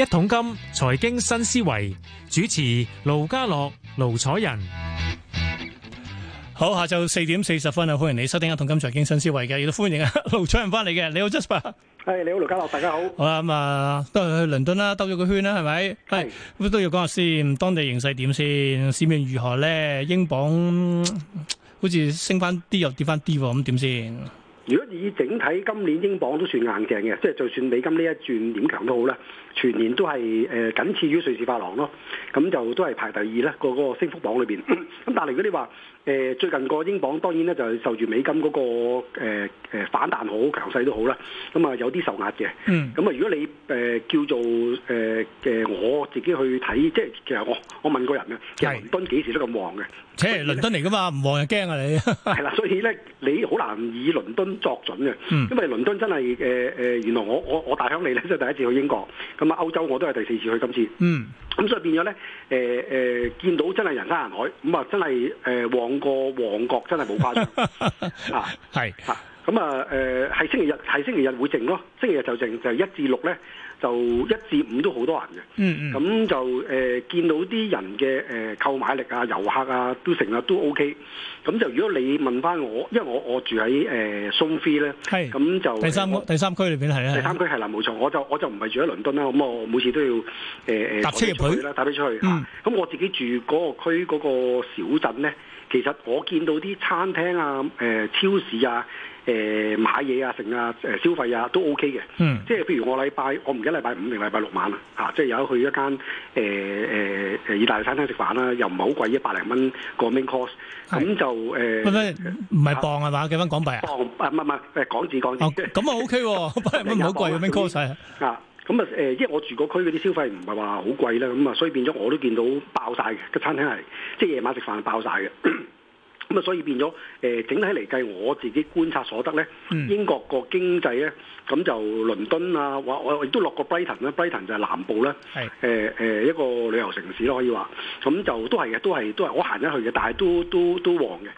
一桶金財經新思維主持盧家樂、盧楚仁。好，下晝四點四十分啊，歡迎你收聽《一桶金財經新思維》嘅，亦都歡迎啊盧楚仁翻嚟嘅。你好，Jasper。係你好，盧家樂，大家好。好啦，咁啊，都係去倫敦啦，兜咗個圈啦，係咪？係。咁都要講下先，當地形勢點先？市面如何咧？英鎊好似升翻啲又跌翻啲，咁點先？如果以整體今年英鎊都算硬淨嘅，即係就算美金呢一轉點強都好啦。全年都係誒僅次於瑞士法郎咯，咁就都係排第二啦，個個升幅榜裏面。咁但係如果你話最近個英鎊，當然咧就受住美金嗰個誒反彈好強勢都好啦，咁啊有啲受壓嘅。咁、嗯、啊如果你誒叫做誒我自己去睇，即係其實我我問個人咧，其實倫敦幾時都咁旺嘅。即係、就是、倫敦嚟㗎嘛，唔旺又驚啊你。係啦，所以咧你好難以倫敦作準嘅，因為倫敦真係誒原來我我我大鄉里咧，即係第一次去英國。咁啊，歐洲我都係第四次去，今次。嗯。咁所以變咗咧，誒、呃、誒、呃，見到真係人山人海，咁啊，真係誒旺過旺角，真係冇誇張。係、 啊。咁啊，係、呃、星期日係星期日會靜咯，星期日就靜，就一至六咧就一至五都好多人嘅。嗯嗯。咁就誒、呃、見到啲人嘅誒購買力啊、遊客啊都成日都 OK。咁就如果你問翻我，因為我我住喺誒、呃、松菲咧，係。咁就第三第三區裏邊係咧。第三區係啦冇錯，我就我就唔係住喺倫敦啦，咁我每次都要誒搭、呃、車出去啦，搭車出去。咁、嗯、我自己住嗰個區嗰個小鎮咧，其實我見到啲餐廳啊、呃、超市啊。誒買嘢啊，剩啊消費啊，都 O K 嘅，即係譬如我禮拜，嗯、我唔記得禮拜五定禮拜六晚啊，即、就、係、是、有去一間誒、啊啊、意大利餐廳食飯啦，又唔係好貴，一百零蚊個 main course，咁就誒，唔、啊、係鎊係嘛，幾蚊港幣啊？鎊啊，唔唔，誒港紙港紙。咁啊 O K 喎，百零蚊唔係好貴啊，main course 啊，咁、哦 OK、啊誒、 啊嗯，因為我住個區嗰啲消費唔係話好貴啦，咁啊，所以變咗我都見到爆曬嘅，個餐廳係即係夜晚食飯爆曬嘅。咁啊，所以變咗誒，整體嚟計，我自己觀察所得咧，英國個經濟咧，咁就倫敦啊，或我亦都落過 Brighton 咧，Brighton 就南部啦，一個旅遊城市咯，可以話，咁就都係嘅，都係都係我行一去嘅，但係都都都旺嘅，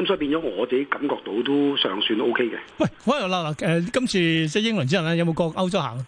咁所以變咗我自己感覺到都尚算 O K 嘅。喂，好啦嗱，誒今次即英倫之後咧，有冇過歐洲行？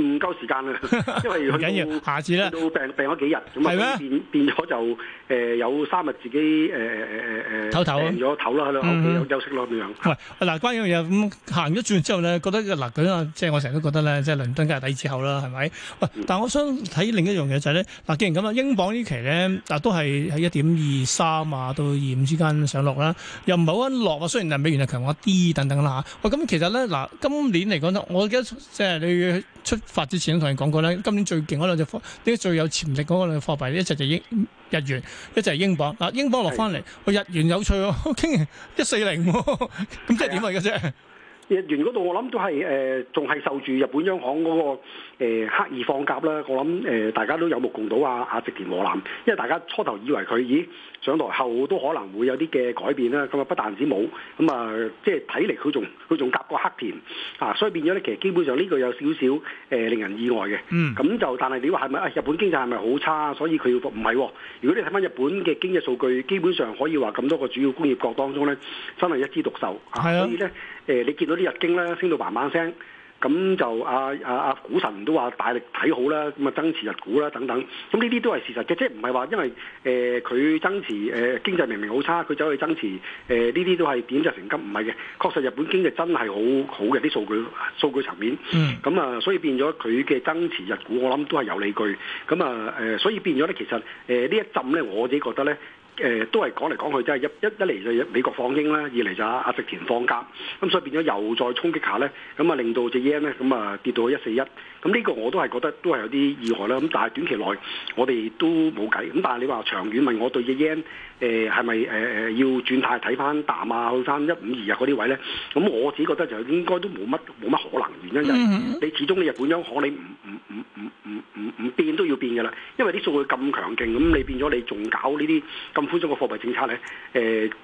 唔夠時間啦，因為去到， 下次啦，去到病病咗幾日，咁啊變變咗就誒、呃、有三日自己誒誒誒誒唞唞咯，停啦喺度屋企休息咯咁樣。唔係嗱，關於樣嘢咁行咗轉之後咧，覺得嗱嗰啊，即係我成日都覺得咧，即係倫敦梗係底之後啦，係咪？喂、啊，但係我想睇另一樣嘢就係、是、咧，嗱、啊，既然咁啊，英鎊期呢期咧，嗱、啊、都係喺一點二三啊到二五之間上落啦，又唔係好穩落啊。雖然啊美元啊強咗啲等等啦嚇，喂、啊、咁、啊、其實咧嗱、啊，今年嚟講咧，我記得，即係你出發之前都同你講過咧，今年最勁嗰兩隻貨幣，呢啲最有潛力嗰個兩隻貨幣，一隻就英日元，一隻係英鎊。嗱，英鎊落翻嚟，個的日元有趣喎、哦，傾一四零，咁、哦、的 即係點嚟嘅啫？的 日元嗰度我諗都係誒，仲係受住日本央行嗰個誒刻意放鴿啦。我諗誒，大家都有目共睹啊！阿植田和男，因為大家初頭以為佢，咦上台後都可能會有啲嘅改變啦。咁啊，不但止冇，咁啊，即係睇嚟佢仲佢仲夾過黑田啊，所以變咗咧，其實基本上呢個有少少誒令人意外嘅。嗯。咁就但係你話係咪啊？日本經濟係咪好差？所以佢要唔係？如果你睇翻日本嘅經濟數據，基本上可以話咁多個主要工業國當中咧，真係一枝獨秀。係啊。所以咧。誒、呃、你見到啲日經咧升到嘭嘭聲，咁就阿阿阿股神都話大力睇好啦，咁啊增持日股啦等等，咁呢啲都係事實嘅，即係唔係話因為誒佢、呃、增持誒、呃、經濟明明好差，佢走去增持誒呢啲都係點石成金，唔係嘅，確實日本經濟真係好好嘅啲數據數據層面，咁啊所以變咗佢嘅增持日股，我諗都係有理據，咁啊誒所以變咗咧其實誒、呃、呢一浸咧我自己覺得咧。誒都係講嚟講去，即係一一一嚟就美國放鷹啦，二嚟就阿阿植田放鴿，咁所以變咗又再衝擊下咧，咁啊令到隻 yen 咧咁啊跌到一四一，咁呢個我都係覺得都係有啲意外啦。咁但係短期內我哋都冇計。咁但係你話長遠問我對隻 yen 係咪誒要轉態睇翻淡啊，好生一五二日嗰啲位咧？咁我自己覺得就應該都冇乜冇乜可能。原因就係你始終你日本央行你唔唔唔唔。唔唔變都要變㗎啦，因為啲數據咁強勁，咁你變咗你仲搞呢啲咁寬鬆嘅貨幣政策咧？呃，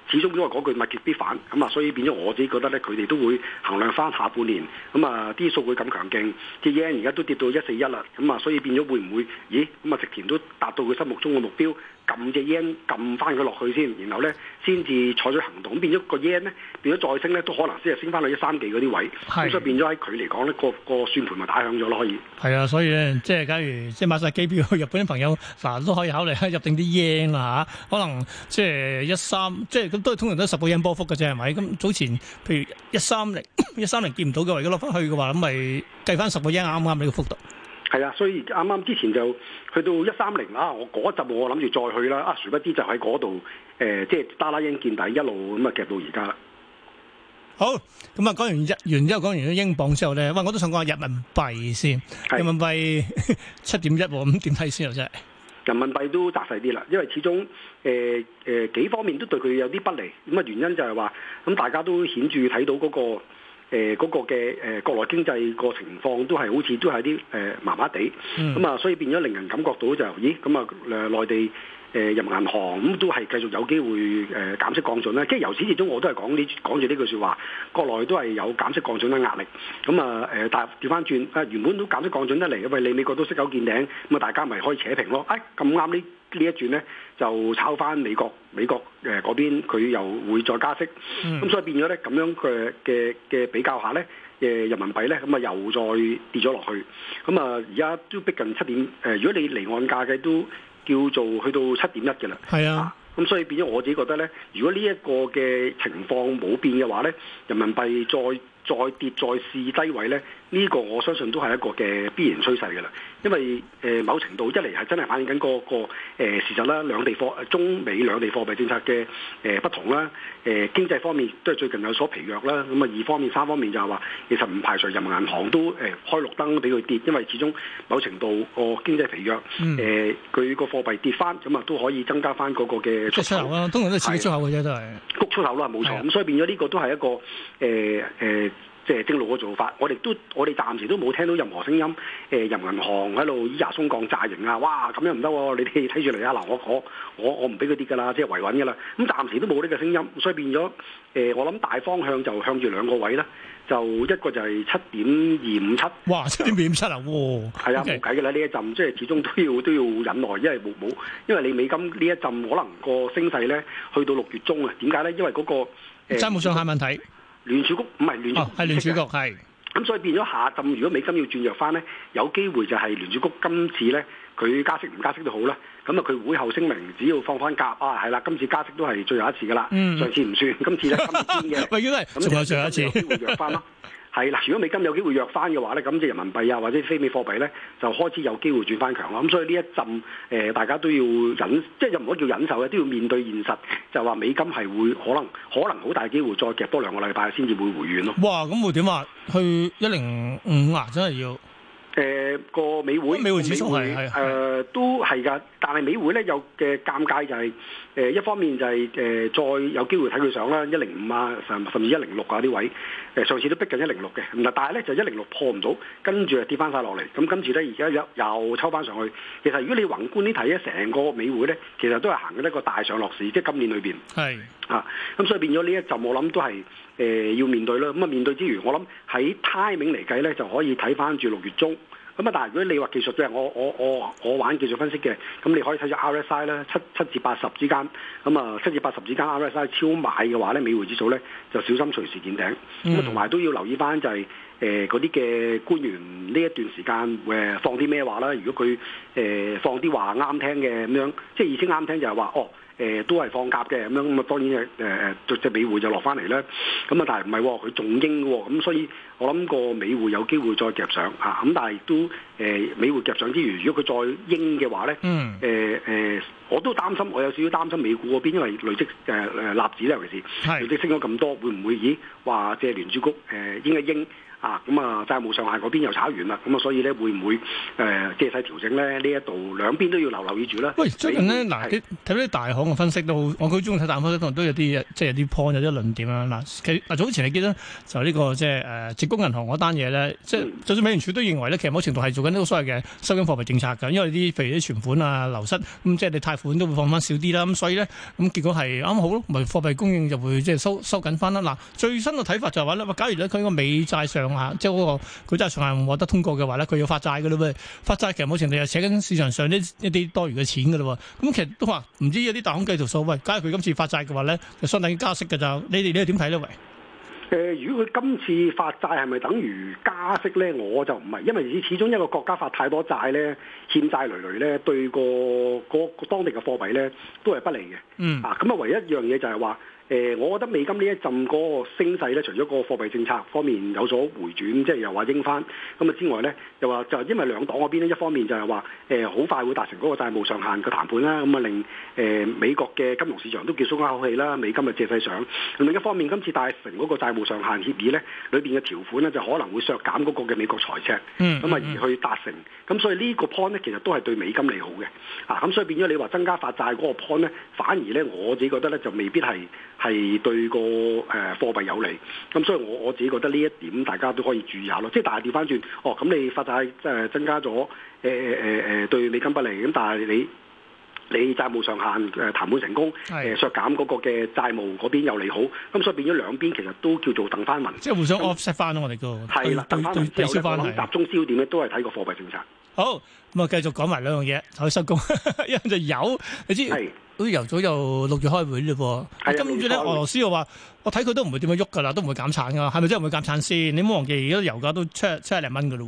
始終都係嗰句物極必反，咁啊，所以變咗我自己覺得咧，佢哋都會衡量翻下半年，咁啊啲數據咁強勁，啲 yen 而家都跌到一四一啦，咁啊，所以變咗會唔會？咦，咁啊，直田都達到佢心目中嘅目標？撳隻 yen 撳翻佢落去先，然後咧先至採取行動，咁變咗個 yen 咧變咗再升咧，都可能先係升翻去一三幾嗰啲位置，咁所以變咗喺佢嚟講咧個個算盤咪打響咗咯，可以。係啊，所以呢即係假如即係買晒機票去日本嘅朋友，嗱、啊、都可以考慮入定啲 yen 啦嚇可能即係一三即係咁都係通常都十個 yen 波幅嘅啫，係咪？咁早前譬如一三零一三零見唔到嘅話，如果落翻去嘅話，咁咪計翻十個 yen 啱唔啱呢個幅度。係啊，所以啱啱之前就去到 130, 那一三零啦，我嗰集我諗住再去啦，啊，殊不知就喺嗰度，誒、呃，即係打啦英見底一路咁啊，夾到而家。好，咁啊，講完一完之後，講完咗英鎊之後咧，哇，我都想講下人民幣先，人民幣七點一，咁點睇先啊？真係人民幣都紮實啲啦，因為始終誒誒、呃呃、幾方面都對佢有啲不利，咁啊原因就係話，咁大家都顯著睇到嗰、嗰個。誒嗰嘅誒國內經濟個情況都係好似都係啲誒麻麻地，咁、嗯、啊，所以變咗令人感覺到就咦，咁啊誒內地人民、呃、銀行咁都係繼續有機會誒、呃、減息降準咧，即係由始至終我都係講呢講住呢句説話，國內都係有減息降準嘅壓力，咁啊誒但調翻轉啊原本都減息降準得嚟，餵你美國都息口見頂，咁啊大家咪可以扯平咯，哎咁啱呢？這一呢一轉咧就炒翻美國美國誒嗰邊，佢又會再加息，咁所以變咗咧咁樣佢嘅嘅比較下咧，誒人民幣咧咁啊又再跌咗落去，咁啊而家都逼近七點誒，如果你離岸價嘅都叫做去到七點一嘅啦，係啊，咁所以變咗我自己覺得咧，如果呢一個嘅情況冇變嘅話咧，人民幣再再跌再試低位咧。呢、這個我相信都係一個嘅必然趨勢㗎啦，因為誒、呃、某程度一嚟係真係反映緊嗰、那個事實啦，兩地貨中美兩地貨幣政策嘅誒、呃、不同啦，誒、呃、經濟方面都係最近有所疲弱啦，咁啊二方面三方面就係話，其實唔排除人民銀行都誒、呃、開綠燈俾佢跌，因為始終某程度個經濟疲弱，誒佢個貨幣跌翻，咁啊都可以增加翻嗰個嘅出口啦，通常都刺激出口嘅、啊、啫，都係谷出口啦，冇、啊、錯，咁所以變咗呢個都係一個誒誒。呃呃即係正路嘅做法，我哋都我哋暫時都冇聽到任何聲音。誒、呃，人民銀行喺度以壓鬆降炸營啊！哇，咁樣唔得喎！你哋睇住嚟啊！嗱，我我我唔俾佢跌㗎啦，即係維穩㗎啦。咁、嗯、暫時都冇呢個聲音，所以變咗誒、呃，我諗大方向就向住兩個位啦。就一個就係七點二五七，哇！七點二五七啊！喎、okay.，係啊，冇計嘅啦！呢一陣即係始終都要都要忍耐，因為冇冇，因為你美金呢一陣可能個升勢咧去到六月中啊？點解咧？因為嗰、那個債務、呃、上限問題。聯儲局唔係聯儲，係聯儲局係。咁、哦、所以變咗下浸，如果美金要轉弱翻咧，有機會就係聯儲局今次咧，佢加息唔加息都好啦。咁啊，佢會後聲明，只要放翻假。啊，係啦，今次加息都係最後一次㗎喇，上次唔算，今次咧，今次天嘅咪要嚟，咁 就最後一次，有機會弱翻啦。 係啦，如果美金有機會弱翻嘅話咧，咁即係人民幣啊或者非美貨幣咧就開始有機會轉翻強啦。咁所以呢一陣誒，大家都要忍，即係又唔可以叫忍受嘅，都要面對現實，就話美金係會可能可能好大機會再夾多兩個禮拜先至會回軟咯。哇！咁會點啊？去一零五啊，真係要～誒個美匯，美匯始終係、呃、都係㗎，但係美匯咧有嘅尷尬就係、是、誒、呃、一方面就係、是、誒、呃、再有機會睇佢上啦一零五啊，甚甚至一零六啊啲位，誒、呃、上次都逼近一零六嘅，嗱但係咧就一零六破唔到，跟住又跌翻晒落嚟。咁跟住咧而家又又抽翻上去，其實如果你宏觀咧睇咧，成個美匯咧，其實都係行緊一個大上落市，即、就、係、是、今年裏邊。係。啊，咁、嗯、所以變咗呢一集，我諗都係誒、呃、要面對啦。咁、嗯、啊面對之餘，我諗喺 timing 嚟計咧，就可以睇翻住六月中。咁、嗯、啊，但係如果你話技術嘅，我我我我玩技術分析嘅，咁你可以睇咗 RSI 啦，七七至八十之間。咁、嗯、啊，七至八十之間 RSI 超買嘅話咧，美匯指數咧就小心隨時見頂。咁同埋都要留意翻就係誒嗰啲嘅官員呢一段時間誒放啲咩話啦。如果佢誒、呃、放啲話啱聽嘅咁樣，即係意思啱聽就係話哦。誒、呃、都係放鴿嘅咁樣，咁啊當然誒隻、呃、美匯就落返嚟啦。咁啊，但係唔係喎，佢仲升喎。咁所以我諗個美匯有機會再夾上、啊、但係都誒、呃，美匯夾上之餘，如果佢再升嘅話呢，誒、嗯呃呃、我都擔心，我有少少擔心美股嗰邊，因為累積誒誒、呃、納指，尤其是，是累積升咗咁多，會唔會咦話借聯儲局誒應該應？呃嬰啊，咁啊，債務上限嗰邊又炒完啦，咁啊，所以咧會唔會誒借勢調整咧？呢一度兩邊都要留留意住啦。喂，最近呢，嗱、嗯，睇啲大行嘅分析都好，我好中意睇大行分析，都都有啲即係有啲 point，有啲論點啊。嗱，嗱、啊、早前你記得，就呢、呢個即係誒矽谷銀行嗰單嘢咧，即、就、係、是、就算美聯儲都認為咧，其實某程度係做緊呢個所謂嘅收緊貨幣政策㗎，因為啲譬如啲存款啊流失，咁即係你貸款都會放翻少啲啦，咁所以咧咁結果係啱好咯，咪貨幣供應就會即係收收緊翻啦。嗱、啊，最新嘅睇法就係話咧，假如咧佢個美債上即係嗰個，佢真係上限唔獲得通過嘅話咧，佢要發債嘅啦噃，發債其實冇程度又扯緊市場上呢一啲多餘嘅錢嘅啦喎，咁其實都話唔知有啲大行計做所謂。假如佢今次發債嘅話咧，就相等於加息嘅就，你哋你係點睇咧？喂，誒，如果佢今次發債係咪等於加息咧？我就唔係，因為始終終一個國家發太多債咧，欠債累累咧，對個、嗰個、當地嘅貨幣咧都係不利嘅。嗯，啊，咁啊，唯一一樣嘢就係話。誒，我覺得美金呢一陣嗰個升勢咧，除咗個貨幣政策方面有所回轉，即係又話應翻咁啊之外咧，又話就因為兩黨嗰邊咧，一方面就係話誒好快會達成嗰個債務上限嘅談判啦，咁啊令誒、呃、美國嘅金融市場都叫鬆一口氣啦，美金咪借勢上。另一方面，今次達成嗰個債務上限協議咧，裏邊嘅條款咧就可能會削減嗰個嘅美國財赤，咁、mm、啊、mm-hmm. 而去達成。咁所以呢個 point 咧，其實都係對美金利好嘅。啊，咁所以變咗你話增加發債嗰個 point 咧，反而咧我自己覺得咧就未必係。係對個誒、呃、貨幣有利，咁、嗯、所以我我自己覺得呢一點大家都可以注意下咯。即係但係調翻轉，哦咁你發債即係增加咗誒誒誒誒對美金不利，咁但係你你債務上限誒談判成功，呃、削減嗰個嘅債務嗰邊有利好，咁、嗯、所以變咗兩邊其實都叫做等翻文，即係互相 offset 翻我哋叫係啦，對對對消集中焦點咧都係睇個貨幣政策。好，咁啊，我繼續講埋兩樣嘢，我收工，一 就有你知。都由早又六月開會嘞噃，跟住咧俄羅斯又話，我睇佢都唔會點樣喐噶啦，都唔會減產噶，係咪真係唔會減產先？你唔好忘記而家油價都七十零蚊噶咯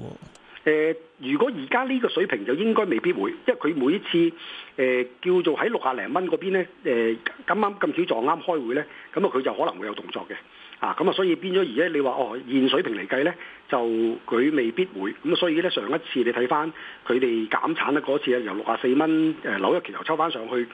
喎。如果而家呢個水平就應該未必會，因為佢每一次誒、呃、叫做喺六十零蚊嗰邊咧，誒咁啱咁少撞啱開會咧，咁啊佢就可能會有動作嘅。啊，咁啊所以變咗而家你話哦現水平嚟計咧。就佢未必會咁，所以咧，上一次你睇翻佢哋減產咧嗰次啊，由六啊四蚊誒紐約期油抽翻上去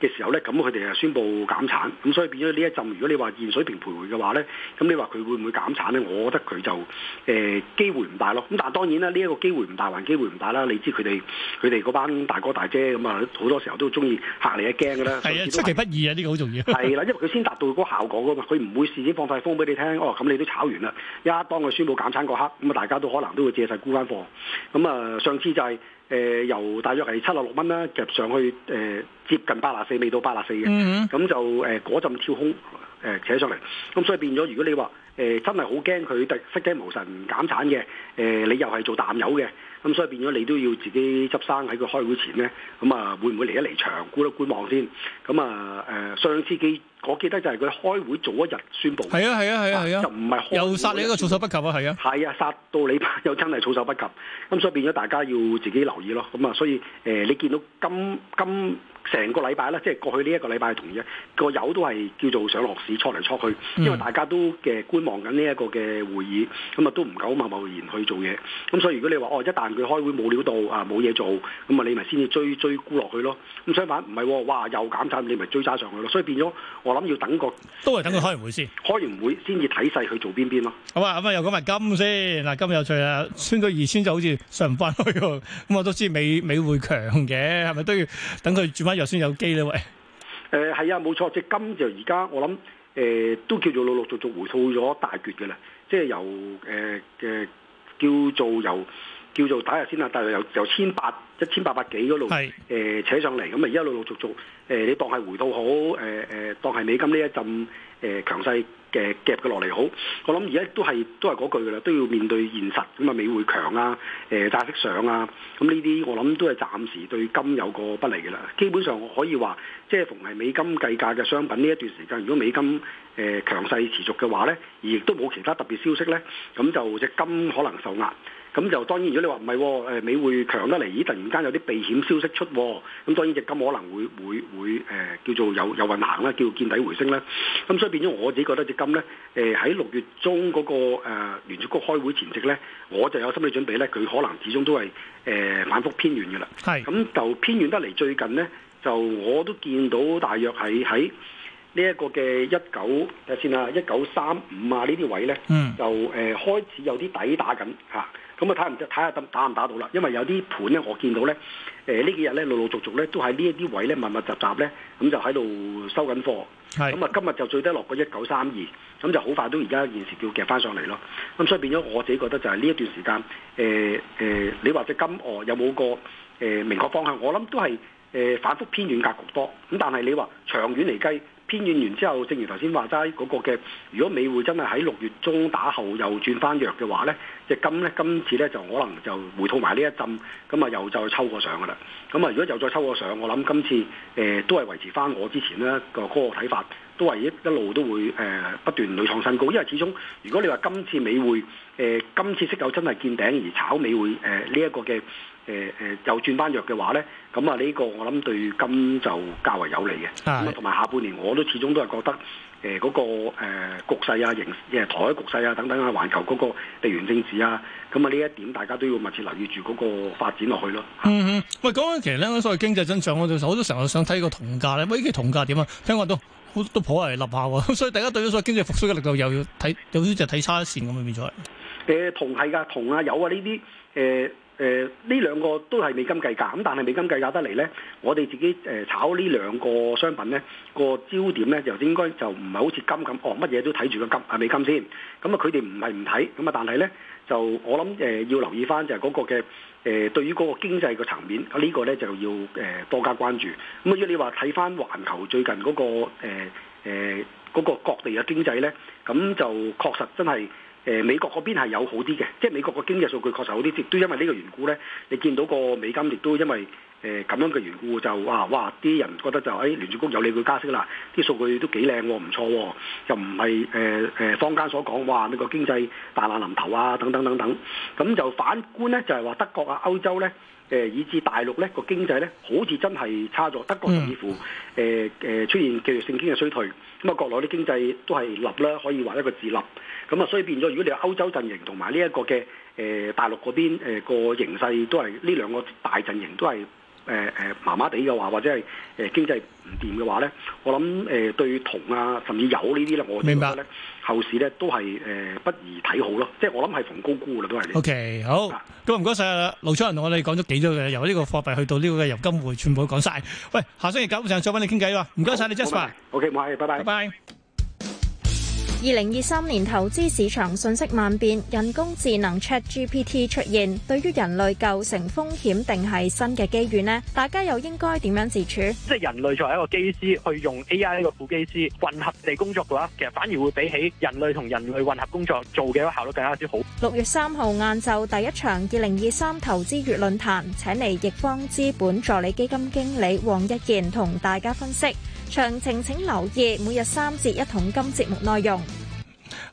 嘅時候咧，咁佢哋啊宣佈減產，咁、呃、所以變咗呢一陣，如果你話現水平徘徊嘅話咧，咁你話佢會唔會減產咧？我覺得佢就誒、呃、機會唔大咯。咁但係當然啦，呢、這、一個機會唔大還機會唔大啦。你知佢哋佢哋嗰班大哥大姐咁啊，好多時候都中意嚇你一驚噶啦。係 啊，出其不意啊，呢個好重要。係 啦，因為佢先達到嗰個效果噶嘛，佢唔會事先放風俾你聽哦，咁你都炒完啦，一當佢宣布減產。咁啊，大家都可能都會借勢沽翻貨。咁啊，上次就係、是呃、由大約係七十六蚊啦，夾上去、呃、接近八十四，未到八十四嘅。咁、mm -hmm. 就誒嗰、呃、陣跳空誒、呃、扯上嚟。咁所以變咗，如果你話、呃、真係好驚佢突失驚無神減產嘅、呃，你又係做淡友嘅，咁所以變咗你都要自己執生，喺佢開會前咧，咁啊會唔會嚟一嚟場估一估望先？咁啊誒相機。呃我記得就係佢開會早一日宣佈，係啊係啊係啊係啊，啊，就唔係又殺你一個措手不及啊，係啊，係啊，殺到你又真係措手不及，咁、嗯、所以變咗大家要自己留意咯。咁、嗯、啊，所以誒、呃，你見到今今成個禮拜啦，即係過去呢一個禮拜嘅同意，個油都係叫做上落市，戳嚟戳去，因為大家都嘅觀望緊呢一個嘅會議，咁、嗯、啊都唔敢貿貿然去做嘢。咁、嗯、所以如果你話哦，一旦佢開會冇料到啊冇嘢做，咁啊你咪先至追追沽落去咯。咁相反唔係、哦，哇又減產，你咪追揸上去咯。所以變咗。我諗要等個，都係等佢開完會先，開完會先至睇細去做邊邊咯。好啊，咁啊又講埋金先，嗱，金有趣啊，穿咗二千就好似上唔翻去喎。咁我都知道美美匯強嘅，係咪都要等佢轉翻弱先有機咧？喂、呃，誒係啊，冇錯，即金就而家我諗誒、呃、都叫做陸陸續續回吐咗大段嘅啦，即係由誒嘅叫做由。叫做打下先啦，但係由由千八一千八百幾嗰度，扯上嚟，咁啊一陸陸續續，呃、你當係回吐好，呃、當係美金呢一陣、呃、強勢嘅夾嘅落嚟好，我諗而家都係都係嗰句噶啦，都要面對現實，咁、嗯、啊美匯強啊，誒債息上啊，咁呢啲我諗都係暫時對金有個不利嘅啦。基本上我可以話，即係逢係美金計價嘅商品呢一段時間，如果美金、呃、強勢持續嘅話咧，而亦都冇其他特別消息咧，咁就隻金可能受壓。咁就當然，如果你話唔係喎，美匯強得嚟，咦突然間有啲避險消息出、哦，咁當然隻金可能會會會、呃、叫做有有運行啦，叫做見底回升啦。咁所以變咗我自己覺得隻金咧，喺、呃、六月中嗰、嗰個誒、呃、聯儲局開會前夕咧，我就有心理準備咧，佢可能始終都係、呃、反覆偏遠嘅啦。咁就偏遠得嚟，最近咧就我都見到大約係喺呢一個嘅一九睇下先啊，一九三五啊呢啲位咧，就、呃、開始有啲抵打緊、啊咁啊睇下睇下打打唔打到啦，因為有啲盤咧，我見到咧，呃、幾呢幾日咧，陸陸續續咧都喺呢一啲位咧密密集集咧，咁就喺度收緊貨。咁啊，就今日就最低落過一九三二，咁就好快都而家現時叫夾翻上嚟咯。咁所以變咗我自己覺得就係呢一段時間、呃呃，你話隻金鵝有冇個呃明確方向？我諗都係、呃、反覆偏軟格局多。咁但係你話長遠嚟計，偏軟完之後，正如頭先話齋嗰個嘅，如果美匯真係喺六月中打後又轉翻弱嘅話咧。即係今咧，今次咧就可能就回吐埋呢一陣，咁啊又，又就抽過上噶啦。咁啊，如果又再抽過上，我諗今次、呃、都係維持翻我之前咧個嗰個睇法，都係一一路都會、呃、不斷屢創新高，因為始終如果你話今次美匯、呃、今次息口真係見頂而炒美匯呢一、呃個嘅。誒、呃、誒，又轉翻弱嘅話咧，咁啊呢個我諗對金就較為有利嘅。同埋下半年我都始終都係覺得誒嗰、呃那個、呃、局勢啊、形誒台海局勢啊等等啊、全球嗰個地緣政治啊，咁啊呢一點大家都要密切留意住嗰個發展落去咯。嗯嗯，喂，講緊其實咧，所謂經濟增長我哋好多時候想睇個同價咧，喂，呢家銅價點啊？聽講都好，都頗為立下喎，所以大家對咗所謂經濟復甦嘅力度又要睇，有啲就睇差線咁嘅變咗。誒、呃，銅係㗎，銅啊、油啊呢啲誒。誒呢兩個都係美，美金計價，咁但係美金計價得嚟呢。我哋自己炒呢兩個商品呢、嗰個焦點呢，就應該就唔係好似金咁，哦乜嘢都睇住個金美金先。咁啊佢哋唔係唔睇，咁、嗯、啊但係呢，就我諗要留意翻就係嗰個嘅誒對於嗰個經濟嘅層面，呢、呢個呢，就要多加關注。咁、嗯、如、如果你話睇翻環球最近嗰、嗰個誒嗰、呃嗰個各地嘅經濟呢，咁、嗯嗯、就確實真係。美國嗰邊係有好啲嘅，即美國個經濟數據確實有好啲，亦都因為呢個緣故咧，你見到個美金亦都因為誒咁樣嘅緣故就哇哇啲人覺得就、哎、聯儲局有利佢加息啦，啲數據都幾靚喎，唔錯喎，又唔係、呃、坊間所講哇、呢個經濟大難臨頭啊等等等等，咁就反觀咧就係、是、話德國啊歐洲呢。以至大陸咧個經濟咧好似真係差咗，德國似乎出現繼續性經濟衰退，咁啊國內啲經濟都係立啦，可以話一個自立，咁啊所以變咗如果你話歐洲陣營同埋呢一個嘅大陸嗰邊，誒個形勢都係呢兩個大陣營都係。誒誒麻麻地嘅話，或者係誒、啊、經濟唔掂嘅話咧，我諗誒、呃、對銅啊，甚至油呢啲咧，我覺得呢明白，咧後市咧都係誒、呃、不宜睇好咯。即、就、係、是、我諗係逢高沽嘅啦，都係。O、okay, K，好，咁唔該晒啦，盧楚仁同我哋講咗幾多嘅由呢個貨幣去到呢個油金匯，全部都講晒。喂，下星期九號上再揾你傾偈啦。唔該晒，你，Jasper。O K，冇問題，拜拜。Jusper, okay, bye bye, okay, bye bye. Bye bye. 二零二三年投資市場信息萬變，人工智能 Chat GPT 出現，對於人類構成風險定係新嘅機遇呢？大家又應該點樣自處？即係人類作為一個機師，去用 AI 一個副機師混合地工作嘅話，其實反而會比起人類同人類混合工作做嘅一個效率更加之好。六月三號晏晝第一場二零二三投資月論壇，請嚟易方資本助理基金經理王一燕同大家分析。詳情請留意每日三節一桶金節目內容。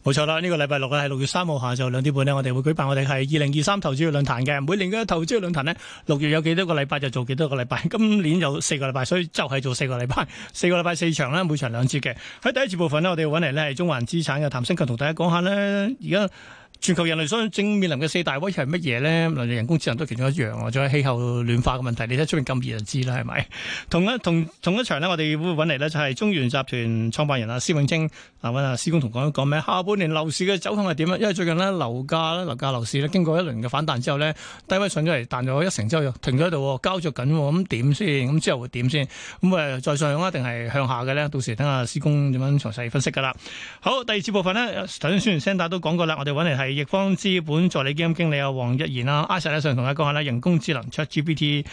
冇錯啦，呢個禮拜六咧，係六月三號下晝兩點半咧，我哋會舉辦我哋係二零二三投資論壇嘅。每年嘅投資論壇咧，六月有幾多個禮拜就做幾多個禮拜，今年有四個禮拜，所以就係做四個禮拜，四個禮拜四場啦，每場兩節嘅。喺第一節部分呢，我哋揾嚟呢係中環資產嘅譚新強同大家講下咧而家。全球人類所正面臨嘅四大威脅係乜嘢咧？嗱，人工智能都其中一樣，或者有氣候暖化嘅問題。你睇出面咁熱就知啦，係咪？同一同同一場呢，我哋會揾嚟呢，就係中原集團創辦人啊，施永青。啊，揾阿施工同講一講咩？下半年樓市嘅走向係點啊？因為最近呢，樓價咧樓價樓市咧經過一輪嘅反彈之後呢，低位上咗嚟，彈咗一成之後又停咗喺度，膠著緊咁點先？咁之後會點先？咁誒再上啊？定係向下嘅呢？到時等下施工點樣詳細分析㗎啦。好，第二次部分呢，頭先宣傳聲帶都講過啦，我哋揾嚟係。易方資本助理基金經理阿黃一賢啦，Isa 咧，上同你講下啦。人工智能 ChatGPT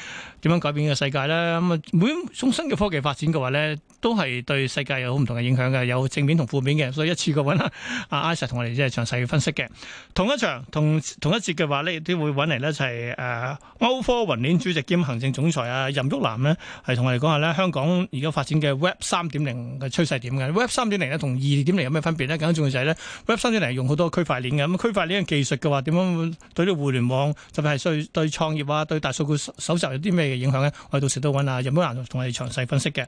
點樣改變嘅世界啦。咁啊，每一種新嘅科技發展嘅話咧，都係對世界有好唔同嘅影響嘅，有正面同負面嘅。所以一次過揾下 Isa 同我哋即係詳細分析嘅。同一場同同一節嘅話亦都會揾嚟呢，就係誒歐科雲鏈主席兼行政總裁啊任旭南呢，係同我哋講下呢香港而家發展嘅 Web 三點零嘅趨勢點嘅。Web 三點零咧同二點零有咩分別咧？更重要就係呢 Web 三點零用好多區塊鏈嘅咁。推快呢樣技術嘅話，點樣對呢個互聯網，特別係對創業啊，對大數據搜集有啲咩嘅影響呢？我哋到時都揾下任本顏同我哋詳細分析嘅。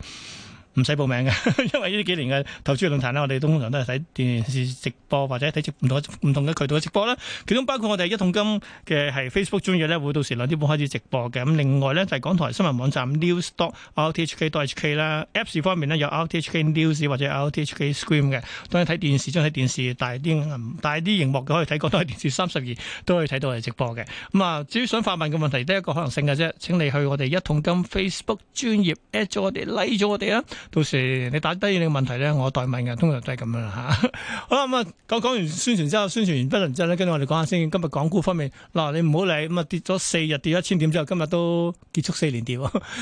唔使報名嘅，因為呢幾年嘅投資論壇呢，我哋通常都係睇電視直播或者睇直唔同唔同嘅渠道嘅直播啦。其中包括我哋一桶金嘅係 Facebook 專頁咧，會到時兩點半開始直播嘅。咁另外咧就係港台新聞網站 news dot rthk dot hk 啦。Apps 方面呢，有 rthk news 或者 rthk screen 嘅，當你睇電視將睇電視，大啲大啲熒幕嘅可以睇港台電視，三十二都可以睇到係直播嘅。咁啊，至於想發問嘅問題，都一個可能性嘅啫。請你去我哋一桶金 Facebook 專頁 at 咗我哋，like 咗我哋啊！到時你答低你個問題咧，我代問嘅，通常都係咁樣啦吓。 好啦，咁啊講講完宣傳之後，宣傳完不能之後咧，跟住我哋講下先。今日港股方面，嗱你唔好理，咁啊跌咗四日，跌,跌一千點之後，今日都結束四年跌，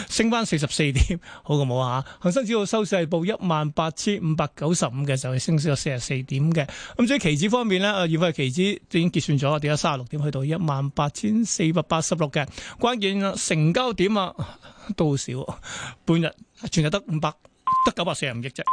升翻四十四點，好過冇啊吓。恒生指數收市係報一萬八千五百九十五嘅，就係、是、升咗四十四點嘅。咁所以期指方面咧，啊現貨期指已經結算咗，跌咗卅六點，去到一萬八千四百八十六嘅。關鍵成交點啊都好少，半日全日得五百。得九百四十五億啫。